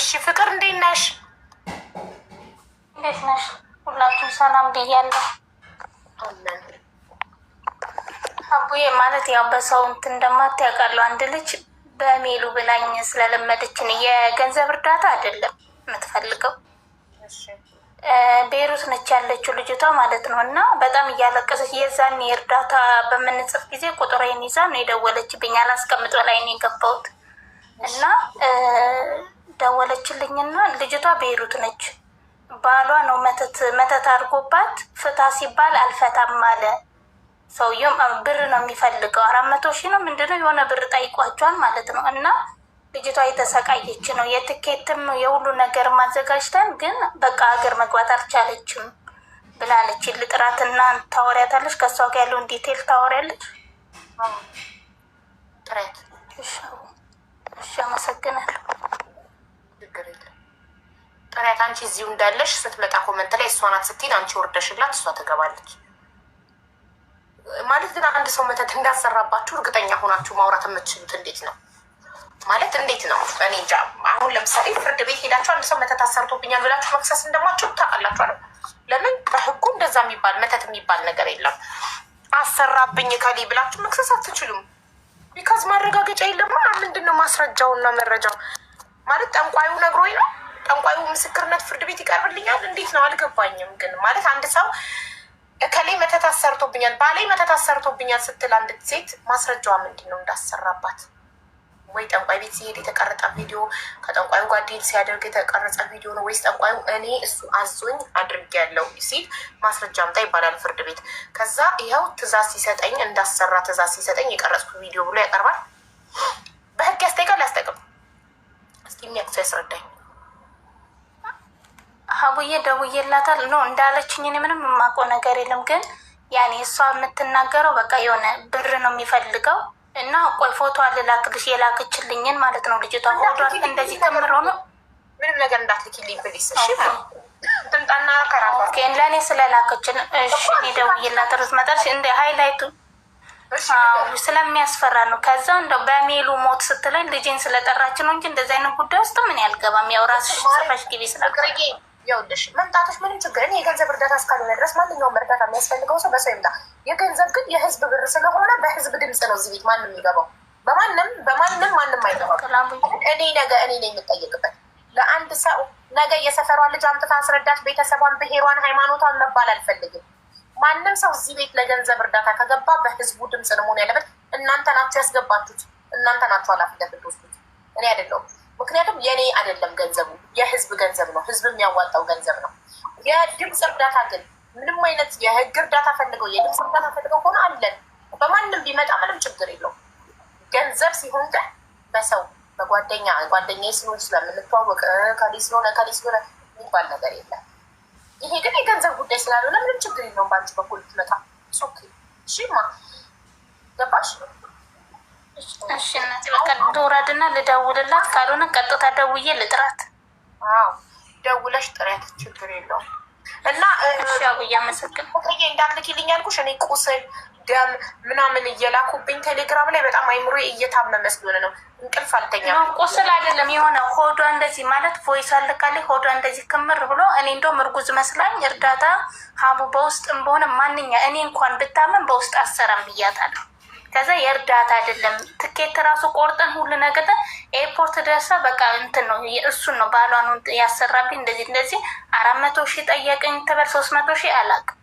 እሺ ፍቅር እንዴት ነሽ? እንዴት ነሽ? ሁላችሁም ሰላም ብያለሁ። አቡዬ ማለት ያው በሰው እንትን እንደማታውቃለሁ አንድ ልጅ በሜሉ ብላኝ ስለለመደችን የገንዘብ እርዳታ አይደለም የምትፈልገው ቤሩት ነች ያለችው ልጅቷ ማለት ነው። እና በጣም እያለቀሰች የዛን እርዳታ በምንጽፍ ጊዜ ቁጥሬን ይዛ ነው የደወለችብኝ። አላስቀምጦ ላይ ነው የገባሁት እና ደወለችልኝና ልጅቷ ቤሩት ነች። ባሏ ነው መተት መተት አድርጎባት ፍታ ሲባል አልፈታም አለ። ሰውየውም ብር ነው የሚፈልገው አራት መቶ ሺ ነው ምንድነው የሆነ ብር ጠይቋቸዋል ማለት ነው። እና ልጅቷ የተሰቃየች ነው የትኬትም የሁሉ ነገር ማዘጋጅተን ግን በቃ ሀገር መግባት አልቻለችም ብላለች። ልጥራትና ታወሪያታለች። ከእሷ ጋር ያለውን ዲቴል ታወሪያለች። ጥረት እሺ፣ አመሰግናለሁ። ችግር የለም። ጥሪያት አንቺ እዚሁ እንዳለሽ ስትመጣ ኮመንት ላይ እሷ ናት ስትል አንቺ ወርደሽላት እሷ ትገባለች። ማለት ግን አንድ ሰው መተት እንዳሰራባችሁ እርግጠኛ ሆናችሁ ማውራት የምትችሉት እንዴት ነው? ማለት እንዴት ነው? እኔ እንጃ። አሁን ለምሳሌ ፍርድ ቤት ሄዳችሁ አንድ ሰው መተት አሰርቶብኛል ብላችሁ መክሰስ እንደማችሁ ታውቃላችሁ። ለምን በህጉ እንደዛ የሚባል መተት የሚባል ነገር የለም። አሰራብኝ ከሌ ብላችሁ መክሰስ አትችሉም። ቢካዝ ማረጋገጫ የለማ ምንድን ነው ማስረጃውና መረጃው? ማለት ጠንቋዩ ነግሮኝ ነው። ጠንቋዩ ምስክርነት ፍርድ ቤት ይቀርብልኛል። እንዴት ነው አልገባኝም። ግን ማለት አንድ ሰው እከሌ መተት አሰርቶብኛል፣ ባሌ መተት አሰርቶብኛል ስትል አንድ ሴት ማስረጃዋ ምንድን ነው እንዳሰራባት? ወይ ጠንቋይ ቤት ሲሄድ የተቀረጠ ቪዲዮ ከጠንቋዩ ጋር ዲል ሲያደርግ የተቀረጸ ቪዲዮ ነው ወይስ ጠንቋዩ እኔ እሱ አዞኝ ያለው ሲል ማስረጃ አምጣ ይባላል ፍርድ ቤት። ከዛ ይኸው ትዛዝ ሲሰጠኝ እንዳሰራ ትዛዝ ሲሰጠኝ የቀረጽኩ ቪዲዮ ብሎ ያቀርባል። በህግ ያስጠይቃል፣ ያስጠቅም የሚያውቅ ሰው ያስረዳኝ። ሀቡዬ ደውዬላታል ኖ እንዳለችኝ እኔ ምንም የማውቀው ነገር የለም። ግን ያኔ እሷ የምትናገረው በቃ የሆነ ብር ነው የሚፈልገው እና ቆይ ፎቶ አልላክልሽ የላክችልኝን ማለት ነው ልጅቷ ሆዷን እንደዚህ ከምር ሆኖ ምንም ነገር እንዳትልኪልኝ ብሊስ እሺ ትምጣና ከራ ለእኔ ስለላከችን እሺ እኔ ደውዬላት ርዝ መጠርሽ እንደ ሀይላይቱ ስለሚያስፈራ ነው። ከዛ እንደው በሜሉ ሞት ስትለኝ ልጅን ስለጠራች ነው እንጂ እንደዚህ አይነት ጉዳይ ውስጥ ምን ያልገባም። ያው ራስሽ ጽፈሽ ግቢ ይኸውልሽ መምጣቶች ምንም ችግር እኔ የገንዘብ እርዳታ እስካልሆነ ድረስ ማንኛውም እርዳታ የሚያስፈልገው ሰው በሰው ይምጣ። የገንዘብ ግን የህዝብ ብር ስለሆነ በህዝብ ድምፅ ነው እዚህ ቤት ማንም የሚገባው በማንም በማንም ማንም አይገባም። እኔ ነገ እኔ ነው የምጠየቅበት ለአንድ ሰው ነገ የሰፈሯን ልጅ አምጥታ አስረዳት ቤተሰቧን፣ ብሔሯን፣ ሃይማኖቷን መባል አልፈልግም። ማንም ሰው እዚህ ቤት ለገንዘብ እርዳታ ከገባ በህዝቡ ድምፅ ነው መሆን ያለበት። እናንተ ናችሁ ያስገባችሁት፣ እናንተ ናችሁ ኃላፊነት የምትወስዱት፣ እኔ አይደለሁም። ምክንያቱም የእኔ አይደለም ገንዘቡ፣ የህዝብ ገንዘብ ነው፣ ህዝብ የሚያዋጣው ገንዘብ ነው። የድምፅ እርዳታ ግን ምንም አይነት የህግ እርዳታ ፈልገው የድምፅ እርዳታ ፈልገው ሆኖ አለን። በማንም ቢመጣ ምንም ችግር የለው። ገንዘብ ሲሆን ግን በሰው በጓደኛ ጓደኛ ስለሆን ስለምንተዋወቅ ከሌ ስለሆነ ከሌ ስለሆነ የሚባል ነገር የለም። ይሄ ግን የገንዘብ ጉዳይ ስላልሆነ ምንም ችግር የለውም። በአንቺ በኩል ትመጣ ሶኬ እሺማ፣ ገባሽ? እሺ እናቴ በቃ ልውረድና ልደውልላት፣ ካልሆነ ቀጥታ ደውዬ ልጥራት። ደውለሽ ጥሪያት፣ ችግር የለውም እና እሺ፣ ያው እያመሰግን እንዳትልኪልኝ አልኩሽ እኔ ቁስል ደም ምናምን እየላኩብኝ ቴሌግራም ላይ በጣም አይምሮ እየታመመ ስለሆነ ነው እንቅልፍ አልተኛ። ቁስል አይደለም የሆነ ሆዷ እንደዚህ ማለት ቮይስ አልካለች። ሆዷ እንደዚህ ክምር ብሎ እኔ እንደውም እርጉዝ መስላኝ እርዳታ ሀቡ በውስጥም በሆነ ማንኛ እኔ እንኳን ብታመን በውስጥ አሰራም ብያታለሁ። ከዛ የእርዳታ አይደለም ትኬት ራሱ ቆርጠን ሁሉ ነገር ኤርፖርት ደርሳ በቃ እንትን ነው እሱን ነው ባሏን ያሰራብኝ እንደዚህ እንደዚህ አራት መቶ ሺህ ጠየቀኝ ተበል ሶስት መቶ ሺህ አላውቅም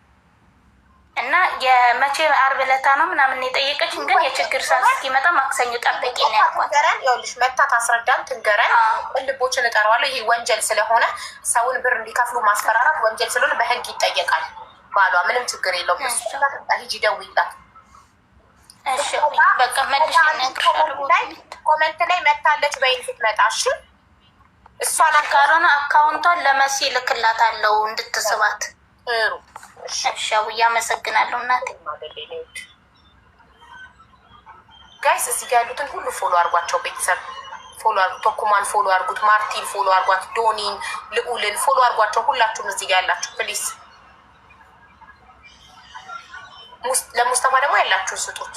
እና የመቼ አርብ ለታ ነው ምናምን የጠየቀችን፣ ግን የችግር ሰዓት እስኪመጣ ማክሰኞ ጠብቂ ነው ያልኳት። ገረን ይኸውልሽ፣ መታ ታስረዳም፣ ትንገረን። ልቦችን እጠራዋለሁ። ይሄ ወንጀል ስለሆነ ሰውን ብር እንዲከፍሉ ማስፈራራት ወንጀል ስለሆነ በህግ ይጠየቃል። ባሏ ምንም ችግር የለውም። ሂጂ ደውይላት። ኮመንት ላይ መታለች በይን ስትመጣ እሺ። እሷ ካልሆነ አካውንቷን ለመሲ ልክላት አለው እንድትስባት ጥሩ ሻው እያመሰግናለሁ እናቴ። ጋይስ እዚህ ጋ ያሉትን ሁሉ ፎሎ አርጓቸው። ቤተሰብ ፎሎ አድርጉት። ቶኩማን ፎሎ አርጉት፣ ማርቲን ፎሎ አርጓት፣ ዶኒን፣ ልዑልን ፎሎ አርጓቸው። ሁላችሁም እዚህ ጋ ያላችሁ ፕሊስ። ለሙስተፋ ደግሞ ያላችሁን ስጡት።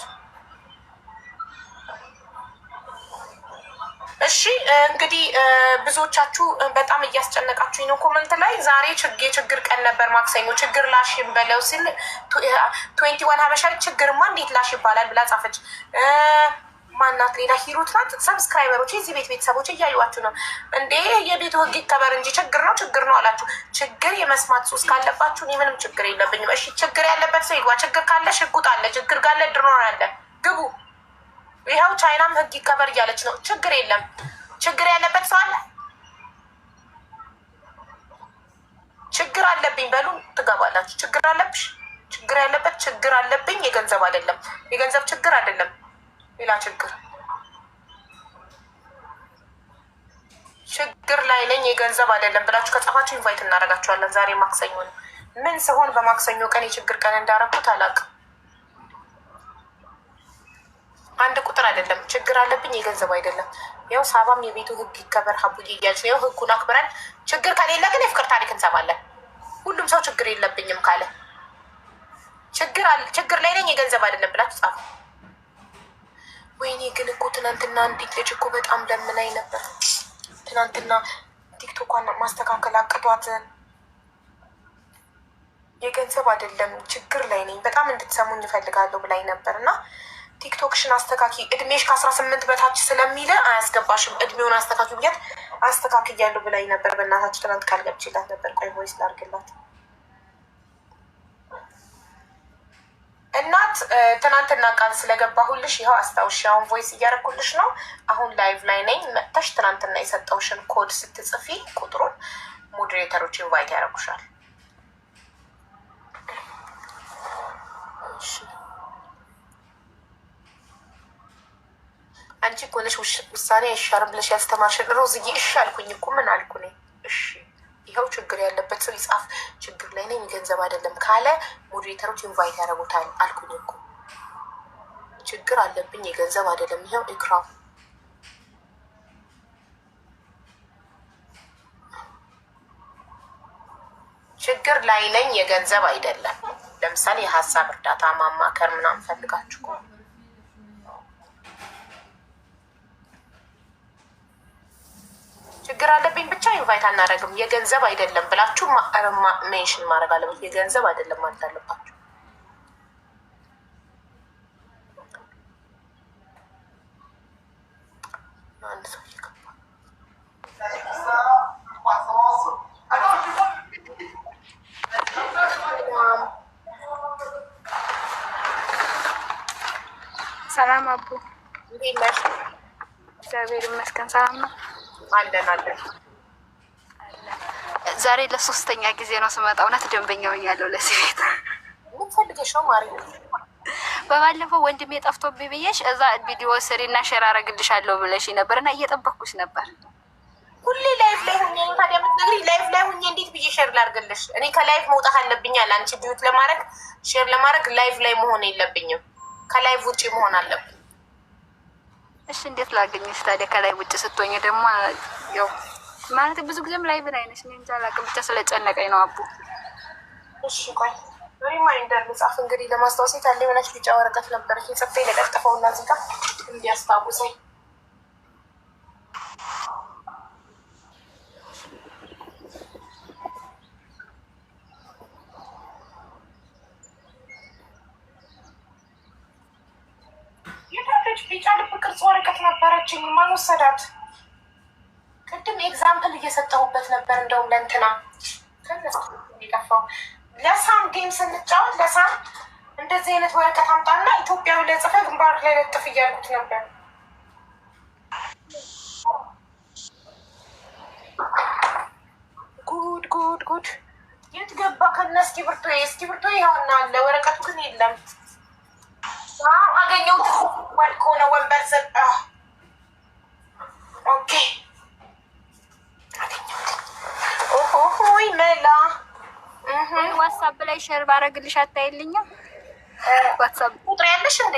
እሺ እንግዲህ ብዙዎቻችሁ በጣም እያስጨነቃችሁኝ ነው። ኮመንት ላይ ዛሬ የችግር ቀን ነበር ማክሰኞ ችግር ላሽ በለው ሲል ትዌንቲ ዋን ሀበሻ ችግርማ እንዴት ላሽ ይባላል ብላ ጻፈች። ማናት ሌላ ሂሩት ናት። ሰብስክራይበሮች የዚህ ቤት ቤተሰቦች እያዩዋችሁ ነው እንዴ? የቤቱ ህግ ይከበር እንጂ ችግር ነው ችግር ነው አላችሁ። ችግር የመስማት ሱስ ካለባችሁ እኔ ምንም ችግር የለብኝም። እሺ ችግር ያለበት ሰው ይግባ። ችግር ካለ ሽጉጥ አለ፣ ችግር ካለ ድሮን አለ። ግቡ ይኸው ቻይናም ህግ ይከበር እያለች ነው። ችግር የለም። ችግር ያለበት ሰው አለ። ችግር አለብኝ በሉ ትገባላችሁ። ችግር አለብሽ፣ ችግር ያለበት ችግር አለብኝ። የገንዘብ አይደለም፣ የገንዘብ ችግር አይደለም፣ ሌላ ችግር ችግር ላይ ነኝ፣ የገንዘብ አይደለም ብላችሁ ከጻፋችሁ ኢንቫይት እናደርጋችኋለን። ዛሬ ማክሰኞ ነው። ምን ስሆን በማክሰኞ ቀን የችግር ቀን እንዳረኩት አላውቅም። አንድ ቁጥር አይደለም። ችግር አለብኝ የገንዘብ አይደለም። ያው ሳባም የቤቱ ህግ ይከበር ሀቡዬ እያለች ነው። ህጉን አክብረን ችግር ከሌለ ግን የፍቅር ታሪክ እንሰማለን። ሁሉም ሰው ችግር የለብኝም ካለ ችግር ላይ ነኝ የገንዘብ አይደለም ብላችሁ ጻፉ። ወይኔ ግን እኮ ትናንትና አንዲት ልጅ እኮ በጣም ለምናይ ነበር። ትናንትና ቲክቶኳን ማስተካከል አቅቷት የገንዘብ አይደለም ችግር ላይ ነኝ በጣም እንድትሰሙኝ እፈልጋለሁ ብላኝ ነበር እና ቲክቶክሽን አስተካኪ እድሜሽ ከአስራ ስምንት በታች ስለሚለ አያስገባሽም እድሜውን አስተካኪ ብያት አስተካክያለሁ ብላኝ ነበር። በእናታችሁ ትናንት ካልገብችላት ነበር። ቆይ ቮይስ ላርግላት እናት ትናንትና ቃል ስለገባሁልሽ ይኸው አስታውሽ። አሁን ቮይስ እያደረኩልሽ ነው። አሁን ላይቭ ላይ ነኝ። መጥተሽ ትናንትና የሰጠውሽን ኮድ ስትጽፊ ቁጥሩን ሞዴሬተሮች ኢንቫይት ያደረጉሻል እሺ አንቺ እኮ ነሽ ውሳኔ አይሻልም ብለሽ ያስተማርሽን። ሮዝዬ እሺ አልኩኝ እኮ ምን አልኩ እኔ እሺ። ይኸው ችግር ያለበት ሰው ይጻፍ። ችግር ላይ ነኝ ገንዘብ አይደለም ካለ ሞዴሬተሮች ኢንቫይት ያደረጉታል አልኩኝ እኮ ችግር አለብኝ የገንዘብ አይደለም። ይኸው ኢክራም ችግር ላይ ነኝ የገንዘብ አይደለም። ለምሳሌ የሀሳብ እርዳታ ማማከር ምናምን ፈልጋችሁ ችግር አለብኝ ብቻ ኢንቫይት አናደርግም የገንዘብ አይደለም ብላችሁ ሜንሽን ማድረግ አለበት። የገንዘብ አይደለም ማለት አለባችሁ። ሰላም አቡ፣ እግዚአብሔር ይመስገን። ሰላም ነው። አለን ዛሬ ለሶስተኛ ጊዜ ነው ስመጣ። እውነት ደንበኛ ሆኛለሁ ለዚህ ቤት። ምን ፈልገሽ ነው ማሪ? በባለፈው ወንድሜ ጠፍቶብኝ ብዬሽ እዛ ቪዲዮ ስሪ እና ሼር አደርግልሻለሁ ብለሽ ነበር እና እየጠበኩሽ ነበር። ሁሌ ላይፍ ላይ ሁኜ ነው ታዲያ የምትነግሪኝ? ላይፍ ላይ ሁኜ እንዴት ብዬ ሼር ላርግልሽ? እኔ ከላይፍ መውጣት አለብኛል። አንቺ ቢዩት ለማድረግ ሼር ለማድረግ ላይፍ ላይ መሆን የለብኝም። ከላይፍ ውጪ መሆን አለብኝ። እሺ እንዴት ላገኝሽ ታዲያ? ከላይ ውጭ ስትሆኝ ደግሞ ያው ማለት ብዙ ጊዜም ላይ ብን አይነሽ እኔ እንጃ አላውቅም፣ ብቻ ስለጨነቀኝ ነው። አቡ እሺ ቆይ ሪማይንደር ልጻፍ እንግዲህ ለማስታወሴት ታለ የሆነች ቢጫ ወረቀት ነበረች የጽፌ ለቀጥፈውና እዚህ ጋር እንዲያስታውሰኝ ቢጫ ልብ ቅርጽ ወረቀት ነበረችኝ። ማን ወሰዳት? ቅድም ኤግዛምፕል እየሰጠሁበት ነበር። እንደውም ለእንትና የጠፋው ለሳም ጌም ስንጫወት ለሳም እንደዚህ አይነት ወረቀት አምጣና ኢትዮጵያዊ ለጽፈ ግንባር ላይ ለጥፍ እያልኩት ነበር። ጉድ ጉድ ጉድ! የት ገባ ከነ እስኪብርቶ? እስኪብርቶ ይሆናል። ወረቀቱ ግን የለም። አገኘሁት ከባድ ከሆነ ወንበር ሰጠ። ኦኬ ይ መላ ዋትሳፕ ላይ ሼር ባረግልሽ አታይልኝም? ዋትሳፕ ቁጥር ያለሽ እንዴ?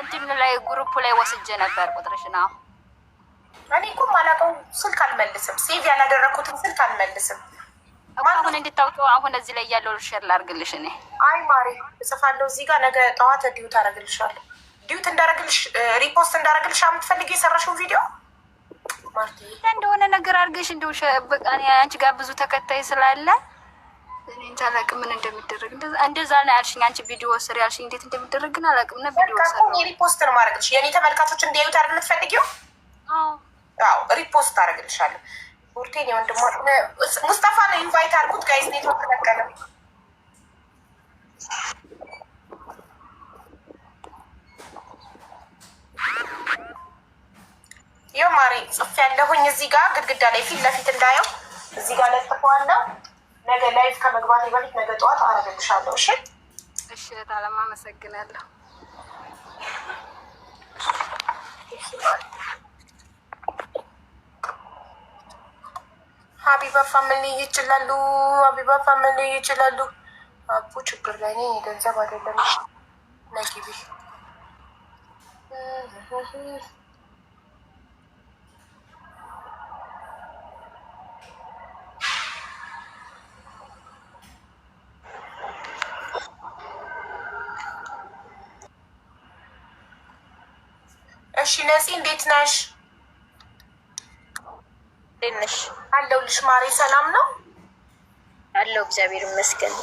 እንትን ላይ ግሩፕ ላይ ወስጄ ነበር ቁጥርሽ ነው። እኔ እኮ ማላውቀው ስልክ አልመልስም፣ ሴቭ ያላደረኩትን ስልክ አልመልስም። አሁን እንድታውጡ አሁን እዚህ ላይ ያለው ሼር ላርግልሽ እኔ። አይ ማሪ እጽፋለሁ እዚህ ጋር ነገ ጠዋት እንዲሁ ታረግልሻለሁ። ዲዩት እንዳረግልሽ ሪፖስት እንዳረግልሽ የምትፈልግ የሰራሽውን ቪዲዮ እንደሆነ ነገር አድርገሽ እንደው አንቺ ጋር ብዙ ተከታይ ስላለ እኔን አላውቅም ምን እንደሚደረግ እንደዛ ነው ያልሽኝ። አንቺ ቪዲዮ ስር ያልሽኝ እንዴት እንደሚደረግ ግን አላውቅም። ሪፖስት ነው ማድረግልሽ። የኔ ተመልካቾች እንዲያዩት አይደል የምትፈልጊው? አዎ ሪፖስት አደረግልሻለሁ። ቡርቴን ወንድሞ ሙስጠፋ ነው ኢንቫይት አድርጉት ጋይዝ ኔትወርክ ነቀነ ጽፍ ያለሁኝ እዚህ ጋር ግድግዳ ላይ ፊት ለፊት እንዳየው እዚህ ጋር ለጥፈዋለው። ነገ ላይፍ ከመግባት በፊት ነገ ጠዋት አረገልሻለሁ። እሺ፣ እሺ። ለታለማ አመሰግናለሁ። ሀቢባ ፋሚሊ ይችላሉ። ሀቢባ ፋሚሊ ይችላሉ። አቡ ችግር ላይ ነኝ። ገንዘብ አይደለም ነግቢ እሺ ነፂ እንዴት ነሽ? ትንሽ አለሁልሽ ማሬ። ሰላም ነው አለው እግዚአብሔር ይመስገን።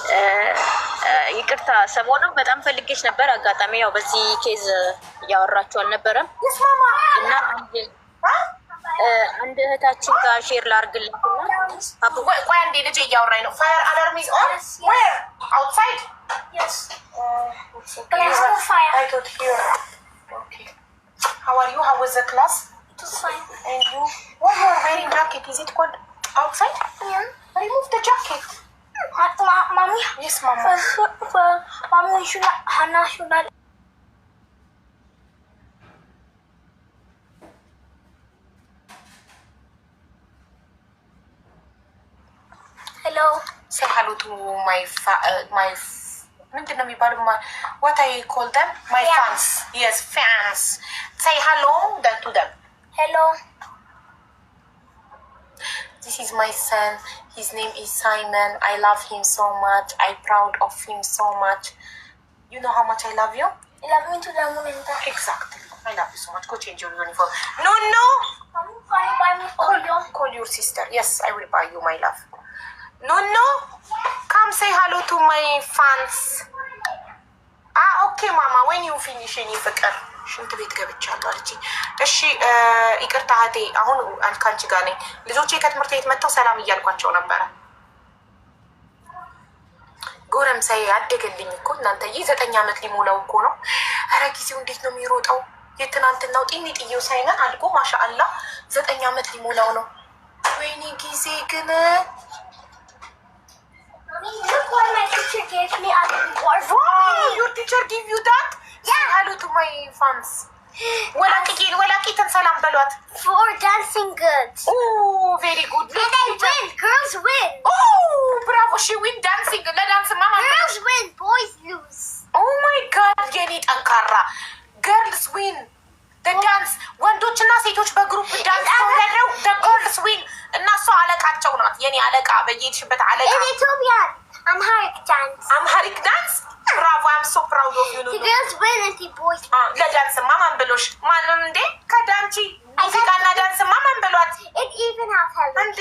ይቅርታ ሰሞኑን በጣም ፈልጌሽ ነበር። አጋጣሚ ያው በዚህ ኬዝ እያወራችሁ አልነበረም እና አንድ እህታችን ጋር ሼር ላርግላት ቆይ አንዴ ልጅ እያወራኝ ነው። ፋየር አላርም ኢዝ ኦን ዌር አውትሳይድ How are you? How was the class? It was fine. And you? Why you are wearing jacket? Is it cold outside? Yeah. Remove the jacket. Ma- mommy? Yes, mama. For, for, mommy, should not. Hannah should not. Hello. Say hello to my fa- uh, my ምንድን ነው የሚባለው? ዋታይ ኮል ደም ማይ ፋንስ የስ ፋንስ ሳይ ሀሎ ደቱ ደም ሄሎ ዚስ ኢዝ ማይ ሰን ሂዝ ኔም ኢዝ ሳይመን አይ ላቭ ሂም ሶ ማች አይ ፕራውድ ኦፍ ሂም ሶ ማች ዩ ኖ ሃው ማች አይ ላቭ ዩ ላቭ ሚ ቱ ላሙ ንታ ኤግዛክትሊ አይ ላቭ ዩ ሶ ማች ጎ ቼንጅ ዮር ዩኒፎርም ኖ ኖ ኮል ዮር ሲስተር የስ አይ ዊል ባይ ዩ ማይ ላቭ ኖ ኖ say hello to my fans. Ah, okay ማማ when you finish እኔ ፍቅር ሽንት ቤት ገብቻለሁ አለች። እሺ ይቅርታ እህቴ፣ አሁን አንቺ ጋር ነኝ። ልጆቼ ከትምህርት ቤት መጥተው ሰላም እያልኳቸው ነበረ። ጎረምሳዬ አደገልኝ እኮ እናንተዬ፣ ዘጠኝ ዓመት ሊሞላው እኮ ነው። ኧረ ጊዜው እንዴት ነው የሚሮጠው! የትናንትናው ጤኔ ጥየው ሳይነ አድጎ ማሻአላ ዘጠኝ ዓመት ሊሞላው ነው። ወይኔ ጊዜ ግን Look what my teacher gave me as a reward. Wow! Your teacher gave you that? Yeah. hello to my fans. ወላቂን ወላቂትን ሰላም በሏት። For dancing good. Oh, very good. And I win. Girls win. Oh, bravo. She win dancing. ለዳንስ Mama. Girls win, boys lose. Oh my god. የኔ ጠንካራ. Girls win. ዳንስ ወንዶችና ሴቶች በግሩፕ ዳንስ ተወዳድረው ደጎልስ ስዊን እና እሷ አለቃቸው ናት። የኔ አለቃ በየሄድሽበት አለቃ ኢትዮጵያ አምሃሪክ ዳንስ አምሃሪክ ዳንስ ብራቮ አም ሶ ፕራውድ ኦፍ ዩ ዳንስ ለዳንስ ማማን ብሎሽ ማንም እንዴ ከዳንቺ ሙዚቃና ዳንስ ማ ማን ብሏት እንዴ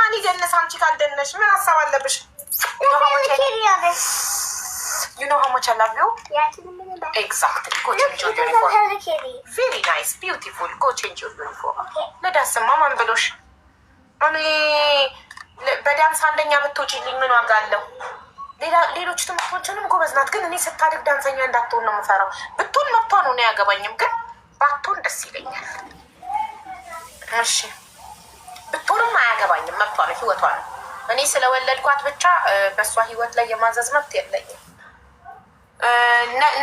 ማን ይደንስ አንቺ ካልደነሽ ምን ሀሳብ አለብሽ ዩ ዩኖ ሀሞች አላቪው ኤግዛክትሊ ጎ ቼንጅ ዮር ዩኒፎርም ቬሪ ናይስ ቢዩቲፉል ጎ ቼንጅ ዮር ዩኒፎርም ለዳስማ ማን ብሎሽ እኔ በዳንስ አንደኛ ብትወጪልኝ ምን ዋጋ አለው ሌሎች ትምህርቶችንም ጎበዝ ናት ግን እኔ ስታድግ ዳንሰኛ እንዳትሆን ነው የምፈራው ብትሆን መብቷ ነው እኔ አያገባኝም ግን ባትሆን ደስ ይለኛል እሺ ብትሆንም አያገባኝም መብቷ ነው ህይወቷ ነው እኔ ስለወለድኳት ብቻ በእሷ ህይወት ላይ የማዘዝ መብት የለኝም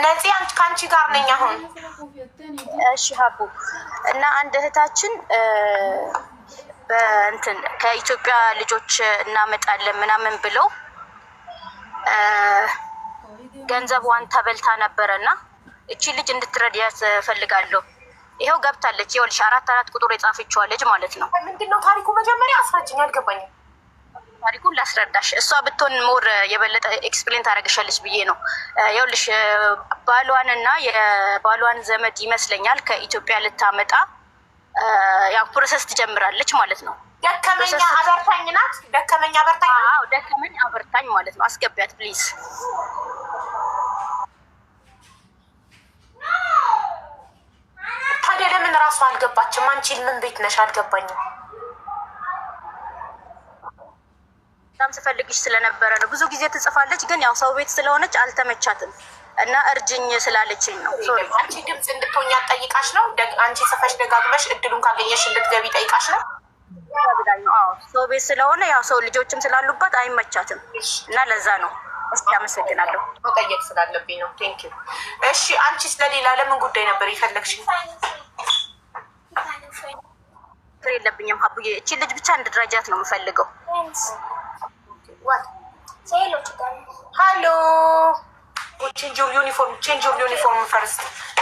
ነፂ ከአንቺ ጋር ነኝ አሁን። እሺ ሀቡ እና አንድ እህታችን በእንትን ከኢትዮጵያ ልጆች እናመጣለን ምናምን ብለው ገንዘቧን ተበልታ ነበረ እና እቺ ልጅ እንድትረዳያት ፈልጋለሁ። ይኸው ገብታለች። ይኸውልሽ አራት አራት ቁጥር የጻፈችዋ ማለት ነው። ምንድነው ታሪኩ? መጀመሪያ አስራችኝ አልገባኝም። ታሪኩን ላስረዳሽ። እሷ ብትሆን ሞር የበለጠ ኤክስፕሌን ታደርግሻለች ብዬ ነው። ይኸውልሽ ባሏንና የባሏን ዘመድ ይመስለኛል ከኢትዮጵያ ልታመጣ ያው ፕሮሰስ ትጀምራለች ማለት ነው። ደከመኛ አበርታኝ ናት። ደከመኛ አበርታኝ፣ ደከመኝ አበርታኝ ማለት ነው። አስገቢያት ፕሊዝ። ታዲያ ለምን ራሱ አልገባችም? አንቺ ምን ቤት ነሽ? አልገባኝም በጣም ስፈልግሽ ስለነበረ ነው። ብዙ ጊዜ ትጽፋለች፣ ግን ያው ሰው ቤት ስለሆነች አልተመቻትም እና እርጅኝ ስላለችኝ ነው። አንቺ ድምፅ እንድትሆኛ ጠይቃሽ ነው። አንቺ ጽፈሽ ደጋግመሽ እድሉን ካገኘሽ እንድትገቢ ጠይቃሽ ነው። ሰው ቤት ስለሆነ ያው ሰው ልጆችም ስላሉባት አይመቻትም እና ለዛ ነው። እስኪ አመሰግናለሁ። መጠየቅ ስላለብኝ ነው። ቴንክ ዩ። እሺ፣ አንቺ ስለሌላ ለምን ጉዳይ ነበር የፈለግሽ? የለብኝም ሀቡዬ፣ እቺ ልጅ ብቻ እንድረጃት ነው የምፈልገው። ጓል ሌሎች ጋር ሀሎ ቼንጅ ዮር ዩኒፎርም ቼንጅ ዮር ዩኒፎርም ፈርስት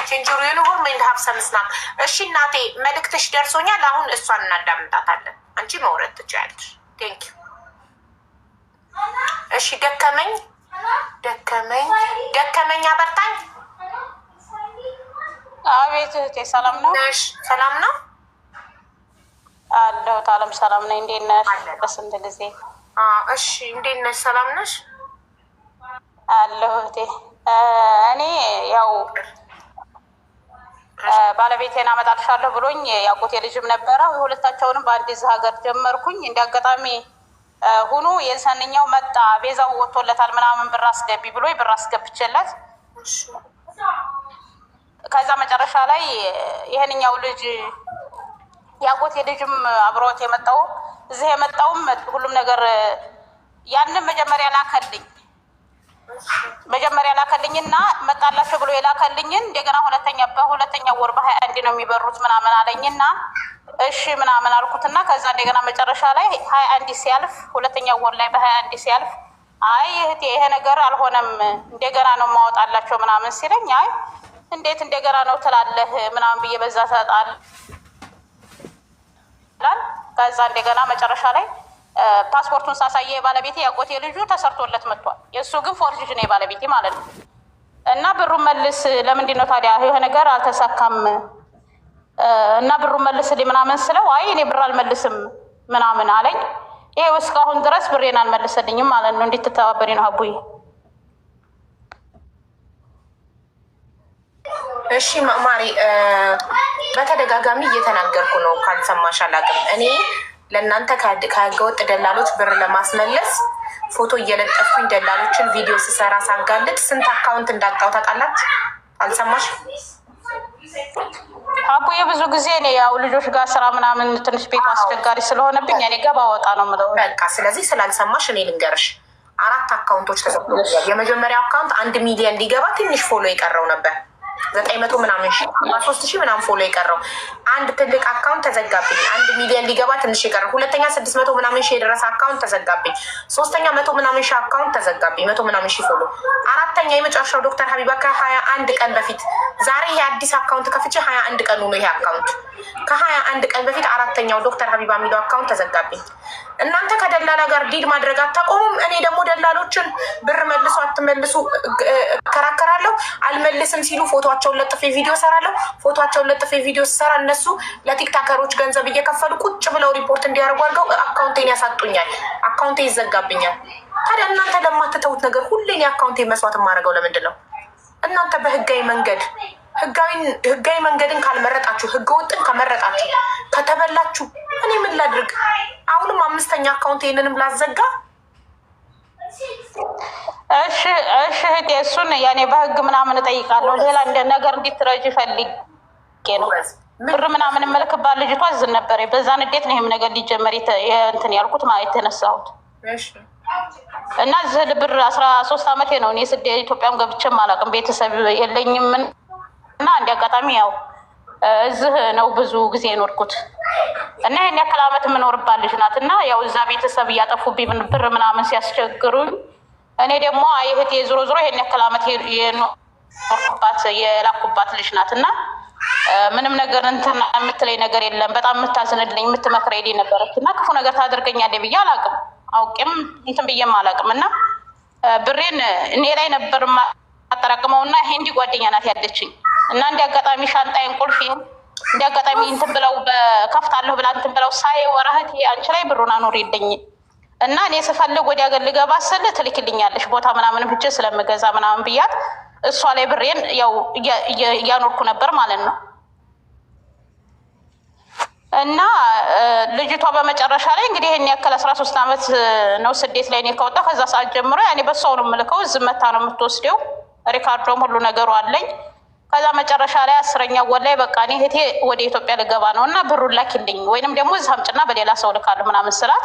ቼንጅ ዮር ዩኒፎርም ኤንድ ሀብ ሰም ስናክ። እሺ እናቴ መልእክትሽ ደርሶኛል። አሁን እሷን እናዳምጣታለን። አንቺ መውረድ ትችያለሽ። ቴንክ ዩ። እሺ ደከመኝ ደከመኝ ደከመኝ አበርታኝ። አቤት እህቴ ሰላም ነው? ሰላም ነው አለሁት። አለም ሰላም ነኝ። እንዴት ነሽ? በስንት ጊዜ እሺ፣ እንዴት ነሽ? ሰላም ነሽ? አለሁ እህቴ። እኔ ያው ባለቤቴን አመጣልሻለሁ ብሎኝ ያጎቴ ልጅም ነበረ። የሁለታቸውንም በአንድ ሀገር ጀመርኩኝ። እንደ አጋጣሚ ሁኑ የሰንኛው መጣ። ቤዛው ወጥቶለታል ምናምን ብር አስገቢ ብሎ ብር አስገብቼለት ከዛ መጨረሻ ላይ ይህንኛው ልጅ የአጎቴ ልጅም አብሮት የመጣው እዚህ የመጣውም ሁሉም ነገር ያንን መጀመሪያ ላከልኝ መጀመሪያ ላከልኝና መጣላቸው ብሎ የላከልኝን እንደገና ሁለተኛ በሁለተኛ ወር በሀያ አንድ ነው የሚበሩት ምናምን አለኝና እሺ ምናምን አልኩትና ከዛ እንደገና መጨረሻ ላይ ሀያ አንድ ሲያልፍ ሁለተኛ ወር ላይ በሀያ አንድ ሲያልፍ አይ እህቴ ይሄ ነገር አልሆነም እንደገና ነው ማወጣላቸው ምናምን ሲለኝ አይ እንዴት እንደገና ነው ትላለህ ምናምን ብዬ በዛ ሰጣል ከዛ እንደገና መጨረሻ ላይ ፓስፖርቱን ሳሳየ የባለቤቴ ያጎቴ ልጁ ተሰርቶለት መጥቷል። የእሱ ግን ፎርጅ ነው የባለቤቴ ማለት ነው። እና ብሩን መልስ ለምንድን ነው ታዲያ ይሄ ነገር አልተሳካም? እና ብሩን መልስልኝ ምናምን ስለው አይ እኔ ብር አልመልስም ምናምን አለኝ። ይሄው እስካሁን ድረስ ብሬን አልመልሰልኝም ማለት ነው። እንዴት ትተባበሪ ነው አቡዬ እሺ ማሪ፣ በተደጋጋሚ እየተናገርኩ ነው፣ ካልሰማሽ አላውቅም። እኔ ለእናንተ ከህገወጥ ደላሎች ብር ለማስመለስ ፎቶ እየለጠፉኝ ደላሎችን ቪዲዮ ስሰራ ሳጋልጥ ስንት አካውንት እንዳጣው ታውቃላት? አልሰማሽ አቡዬ? ብዙ ጊዜ እኔ ያው ልጆች ጋር ስራ ምናምን ትንሽ ቤት አስቸጋሪ ስለሆነብኝ እኔ ገባ ወጣ ነው የምለው። በቃ ስለዚህ ስላልሰማሽ እኔ ልንገርሽ። አራት አካውንቶች ተሰ የመጀመሪያው አካውንት አንድ ሚሊዮን ሊገባ ትንሽ ፎሎ የቀረው ነበር ዘጠኝ መቶ ምናምን ሺ አርባ ሶስት ሺ ምናምን ፎሎ የቀረው አንድ ትልቅ አካውንት ተዘጋብኝ። አንድ ሚሊዮን ሊገባ ትንሽ የቀረው ሁለተኛ ስድስት መቶ ምናምን ሺ የደረሰ አካውንት ተዘጋብኝ። ሶስተኛ መቶ ምናምን ሺ አካውንት ተዘጋብኝ። መቶ ምናምን ሺ ፎሎ አራተኛ የመጨረሻው ዶክተር ሀቢባ ከሀያ አንድ ቀን በፊት ዛሬ ይሄ አዲስ አካውንት ከፍቼ ሀያ አንድ ቀን ሆኖ ይሄ አካውንት ከሀያ አንድ ቀን በፊት አራተኛው ዶክተር ሀቢባ የሚለው አካውንት ተዘጋብኝ። እናንተ ከደላላ ጋር ዲል ማድረግ አታቆሙም። እኔ ደግሞ ደላሎችን ብር መልሱ አትመልሱ እከራከራለሁ። አልመልስም ሲሉ ፎቶ ፎቶቸውን ለጥፌ ቪዲዮ ሰራለሁ። ፎቶቸውን ለጥፌ ቪዲዮ ስሰራ እነሱ ለቲክታከሮች ገንዘብ እየከፈሉ ቁጭ ብለው ሪፖርት እንዲያደርጉ አድርገው አካውንቴን ያሳጡኛል፣ አካውንቴ ይዘጋብኛል። ታዲያ እናንተ ለማትተውት ነገር ሁሌን የአካውንቴ መስዋዕት የማደርገው ለምንድን ነው? እናንተ በህጋዊ መንገድ ህጋዊ መንገድን ካልመረጣችሁ ህገወጥን ከመረጣችሁ ከተበላችሁ እኔ ምን ላድርግ? አሁንም አምስተኛ አካውንት ይህንንም ላዘጋ እሺ እሺ እህቴ እሱን ያኔ በህግ ምናምን እጠይቃለሁ። ሌላ እንደ ነገር እንዲትረጅ ፈልጌ ነው። ብር ምናምን እመልክባት ልጅቷ እዝን ነበር። በዛን እንዴት ነው ይህም ነገር ሊጀመር እንትን ያልኩት ማለት የተነሳሁት እና እዚህ ብር አስራ ሶስት አመቴ ነው እኔ ስደ ኢትዮጵያም ገብቼም አላውቅም ቤተሰብ የለኝም እና እንደ አጋጣሚ ያው እዚህ ነው ብዙ ጊዜ የኖርኩት እና ይህን ያክል አመት የምኖርባት ልጅ ናት። እና ያው እዛ ቤተሰብ እያጠፉብኝ ብር ምናምን ሲያስቸግሩኝ እኔ ደግሞ አይህት የዝሮ ዝሮ ይህን ያክል አመት የኖርኩባት የላኩባት ልጅ ናት እና ምንም ነገር እንትን የምትለኝ ነገር የለም። በጣም የምታዝንልኝ የምትመክረኝ ነበረች እና ክፉ ነገር ታደርገኛለች ብዬ አላውቅም፣ አውቄም እንትን ብዬም አላውቅም። እና ብሬን እኔ ላይ ነበር አጠራቅመው እና ይሄ እንዲህ ጓደኛ ናት ያለችኝ እና እንደ አጋጣሚ ሻንጣዬን ቁልፌን እንደ አጋጣሚ እንትን ብለው ከፍታለሁ ብላ እንትን ብለው ሳይ ወረህት አንቺ ላይ ብሩን አኖሪልኝ እና እኔ ስፈልግ ወደ አገር ልገባ ስል ትልክልኛለሽ ቦታ ምናምን ብቻ ስለምገዛ ምናምን ብያት እሷ ላይ ብሬን ያው እያኖርኩ ነበር ማለት ነው። እና ልጅቷ በመጨረሻ ላይ እንግዲህ ይህን ያክል አስራ ሶስት ዓመት ነው ስደት ላይ እኔ ከወጣ ከዛ ሰዓት ጀምሮ ያኔ በሷው ነው የምልከው። እዚህ መታ ነው የምትወስደው። ሪካርዶም ሁሉ ነገሩ አለኝ። ከዛ መጨረሻ ላይ አስረኛ ወር ላይ በቃ እኔ እህቴ ወደ ኢትዮጵያ ልገባ ነው እና ብሩን ላኪልኝ ወይንም ደግሞ እዚህ በሌላ ሰው ልካለሁ ምናምን ስላት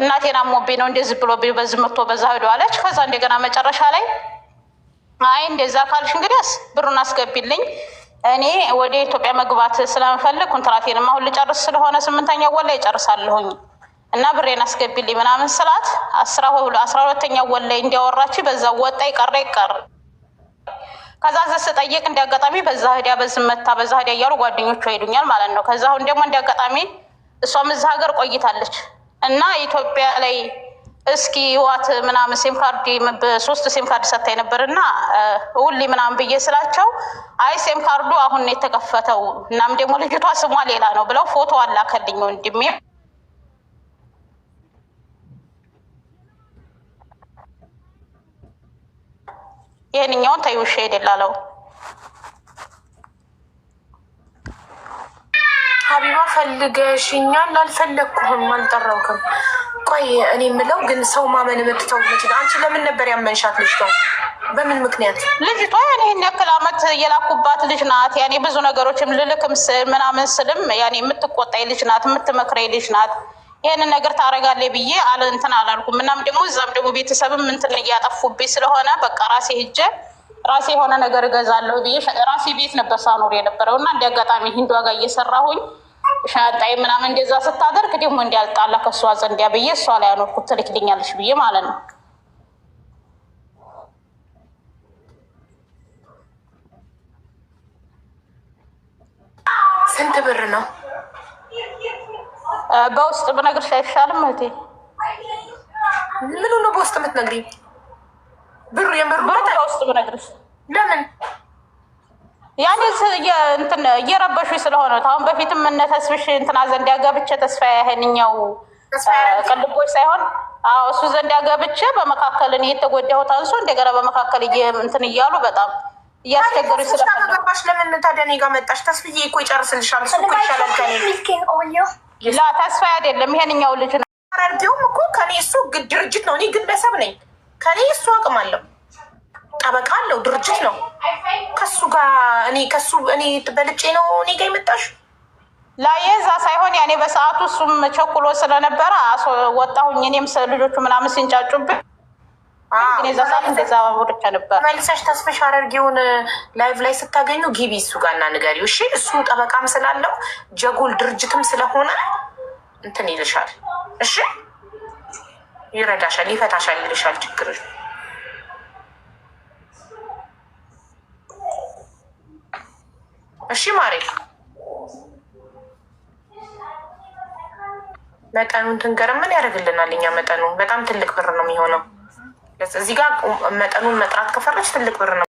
እናቴን አሞቤ ነው እንደዚህ ብሎ በዚህ መቶ በዛ ሄዶ አለች። ከዛ እንደገና መጨረሻ ላይ አይ እንደዛ ካልሽ እንግዲያስ ብሩን አስገቢልኝ እኔ ወደ ኢትዮጵያ መግባት ስለምፈልግ ኮንትራቴንም አሁን ልጨርስ ስለሆነ ስምንተኛ ወር ላይ እጨርሳለሁኝ እና ብሬን አስገቢልኝ ምናምን ስላት አስራ ሁለተኛ ወር ላይ እንዲያወራች በዛ ወጣ ይቀረ ይቀር ከዛ ዘ ስጠይቅ እንደ አጋጣሚ በዛ ህዲያ በዚህ መታ በዛ ህዲያ እያሉ ጓደኞቹ ሄዱኛል ማለት ነው። ከዛ አሁን ደግሞ እንደ አጋጣሚ እሷም እዛ ሀገር ቆይታለች እና ኢትዮጵያ ላይ እስኪ ህዋት ምናምን ሲም ካርድ ሶስት ሲም ካርድ ሰታኝ ነበር እና ውሊ ምናምን ብዬ ስላቸው አይ ሲም ካርዱ አሁን የተከፈተው እናም ደግሞ ልጅቷ ስሟ ሌላ ነው ብለው ፎቶ አላከልኝ ወንድሜ ይህንኛውን ተይ ውሻ የደላለው ሀቢባ ፈልገሽኛል አልፈለግኩህም አልጠራውክም ቆይ እኔ የምለው ግን ሰው ማመን የምትተው አንቺ ለምን ነበር ያመንሻት ልጅ ነው በምን ምክንያት ልጅቷ ያኔ ያክል አመት የላኩባት ልጅ ናት። ያኔ ብዙ ነገሮችም ልልክም ምናምን ስልም ያኔ የምትቆጣኝ ልጅ ናት፣ የምትመክረኝ ልጅ ናት። ይህንን ነገር ታደርጋለህ ብዬ አለ እንትን አላልኩም። እናም ደግሞ እዛም ደግሞ ቤተሰብም እንትን እያጠፉብኝ ስለሆነ በቃ ራሴ ሄጄ ራሴ የሆነ ነገር እገዛለሁ ብዬ ራሴ ቤት ነበር ሳኖር የነበረው እና እንደ አጋጣሚ ሂንዷ ዋጋ እየሰራሁኝ ሻንጣዬ ምናምን እንደዛ ስታደርግ ደግሞ እንዲያልጣላ ከእሷ ዘንድ ብዬ እሷ ላይ ያኖርኩት ትልክልኛለች ብዬ ማለት ነው። ስንት ብር ነው? በውስጥ ብነግርሽ አይሻልም እህቴ? ምን ነው በውስጥ የምትነግሪኝ? ብሩ የምር በውስጥ ብነግርሽ ለምን ያኔ እንትን እየረበሹ ስለሆነ አሁን በፊትም እነ ተስፍሽ እንትና ዘንድ ያገብቼ ተስፋ ያህንኛው ቅልቦች ሳይሆን እሱ ዘንድ ያገብቼ በመካከል እኔ የተጎዳሁት አንሶ እንደገና በመካከል እንትን እያሉ በጣም እያስቸገሩ ስለሆነ ለምን ታዲያ እኔ ጋ መጣሽ? ተስፍዬ እኮ ይጨርስልሻል። እሱ እኮ ይሻላል ከእኔ ላ ተስፋ አይደለም ይሄንኛው ልጅ ነው። ረዲውም እኮ ከኔ እሱ ድርጅት ነው፣ እኔ ግለሰብ ነኝ። ከኔ እሱ አቅም አለው፣ ጠበቃ አለው፣ ድርጅት ነው። ከሱ ጋር እኔ ከሱ እኔ በልጬ ነው እኔ ጋ የመጣሽ ላየዛ ሳይሆን ያኔ በሰዓቱ እሱም ቸኩሎ ስለነበረ ወጣሁኝ። እኔም ልጆቹ ምናምን ሲንጫጩብን መልሰሽ ተስፈሽ አረርጌውን ላይቭ ላይ ስታገኙ ጊቢ እሱ ጋና እና ንገሪው። እሺ እሱ ጠበቃም ስላለው ጀጎል ድርጅትም ስለሆነ እንትን ይልሻል። እሺ ይረዳሻል፣ ይፈታሻል፣ ይልሻል ችግር እሺ ማሬ መጠኑን ትንገረ ምን ያደርግልናል? እኛ መጠኑ በጣም ትልቅ ብር ነው የሚሆነው። እዚህ ጋር መጠኑን መጥራት ከፈለች ትልቅ ብር ነው